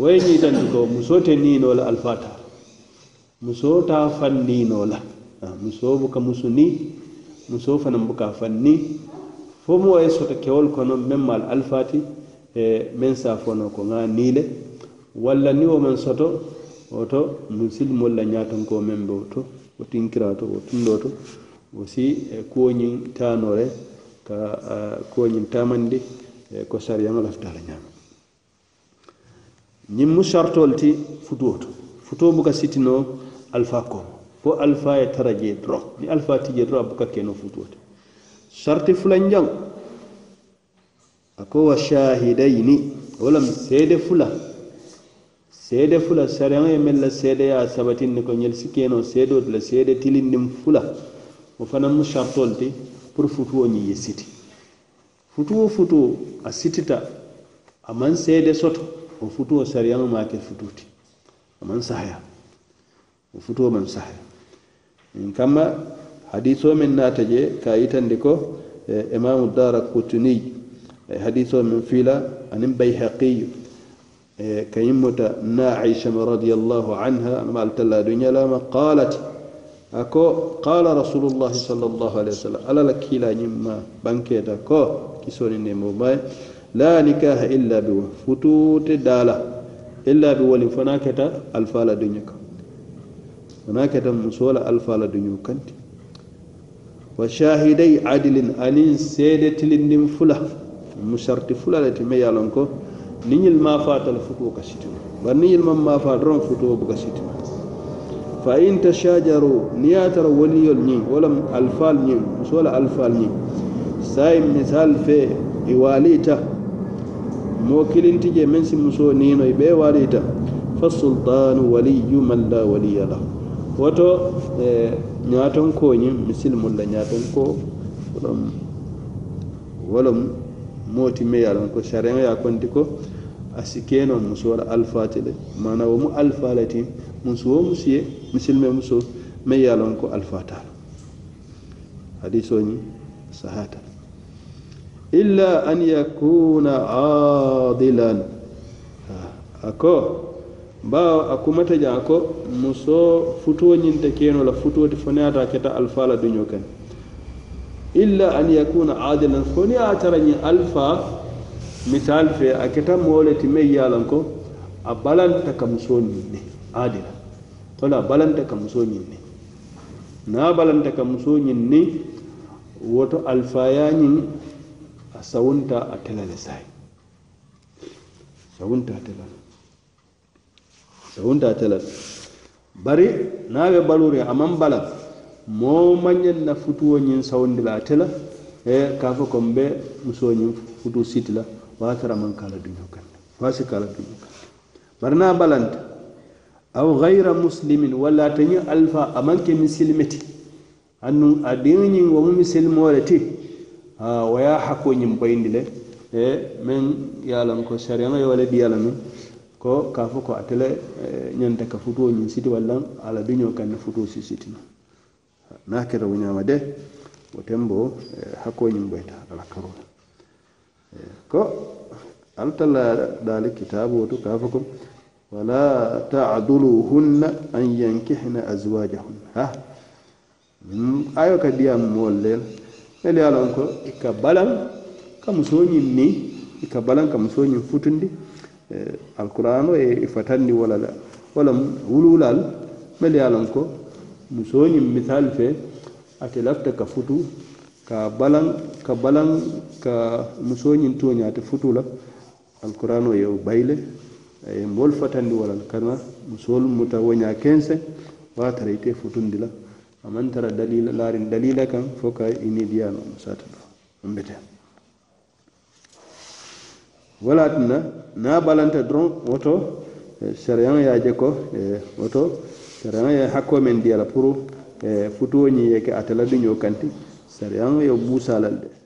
woye ñiitandi ko muso te niino la alfata muso ta fanniino la ah, muso buka musuni muso fanan buka fanni fo mu waye sota kewol kono meŋ maal alfati e men sa fono ko ŋa niile walla ni wo meŋ soto woto musilimol la ñaatanko meŋ be woto wo tinkirato wo tundo to wo si e kuwo ñiŋ taanore ka kuwo ñiŋ tamandi e ko sariyaŋo lafita la ñaama ñiŋ mu sartol ti futuo to futuo buka sitino alpha komo fo alpha ye tara jee doro ni alpha ti jee doro a buka keno futuo ti sarti fulanjaŋo a ko wa shahidaini wo lam seede fula seede fula sariyaŋo ye meŋ la seedeya sabatin ne ko ñiŋ si keno seedo ti la seede tilindiŋ fula wo fanaŋ mu sartol ti pour futuo ñiŋ ye siti futuo futuo a sitita a maŋ seede soto o futuo sariyaŋo maa ke futuu ti a maŋ sahaya o futuo maŋ sahaya nin kamma hadisoo meŋ naata je ka a yitandi ko imamu dara kutuniy hadisoo meŋ fiila aniŋ bayhaqiyu kañiŋ muta na aishama radiallahu anha anama altalla duña lama qalat a ko qala rasulullahi sallallahu alaihi wa sallam alla la kiila ñiŋ ma bankeeta ko kisoo ni nemoo maye la nikaha illa bi fututi dala illa bi wali fana keta alfa la duñu kan fana keta musola alfa la wa shahidai adilin anin seede tilindin fula musharti fula le ti me ye ko niŋ ñiŋ maa faata la futuo ka sitima bari ni ñiŋ ma maa faa futu futuo buka sitima fa in tashajaru niŋ ye a tara waliyolu ñiŋ musola lemu alfaalu ñiŋ musoo fe iwalita mo kilintije men si muso ninoy ɓe warita fa sultanu waliyu man la waliya lah woto e, ñaton koñin misilmulla ñaton ko walam walam moti meyalan ko sarin ya konti ko a sikenon musowola alfatile mana womu alfalati musuwo musiye misilme muso meyalan ko alfatala hadisoñi sahatala illa an yakuna adilan ako ba a ta jan ko muso futoñinta kenola futoti fo neyata keta alfa la duño kan illa an yakuna adilan fo ni a tarañi alfa misal fe a keta moole ti mey yalan ko a balanta ka muso ñin ne adila kola balanta ka muso ñin ne na balanta ka muso ñin ni woto alfa ya alfayañin sawunta a telale sai sawunta a telal sawunta a telal bari naɓe balure aman bala mo mañen na futuwo ñin sawundila a tela e ka fo kom ɓe muso ñin futu sitila watara man kala duño kanta wasi kala duño kanta bari na balanta aw gayra muslimin walla teñi alfa aman ke misilmeti annu a diŋ ñin womu misilmore ti ha waya hakko ñim bayndi le e min yalan ko sariana yo wala diyala min ko ka fo ko atele ñanta e, ka futuo ñin siti walla ala duño kanne futuo si siti na na kera wuñama de o tembo e, hakko ñim bayta ala karola e, ko altala dali kitabu to ka fo ko wala ta'duluhunna an yankihna azwajahunna ha ayo ka diyam mollel ele ye a loŋ ko i ka balaŋ ka musoo ñiŋ niŋ i ka balaŋ ka musoo ñiŋ futundi eh, alkurano ye i fatandi la le wala wuluwulaalu melu ye a loŋ ko musoo ñiŋ misaalu fe ate lafita ka futu ka balaŋ ka balaŋ ka musoo ñiŋ tuoña ate futu la alkurano ye wo bayi le a ye eh, moolu fatandi wo la kana musoolu muta wo ñaa kenseŋ wo ye a tara ite futundi la a mantara dalila larin dalila kan foka ini diya no musata do ambete wala tinna na balanta dron woto eh, sariyan ya je ko eh, woto sariyan ya hakko men diya la pour eh, futuwo ñi yeke atala duño kanti sariyan yau busa lalde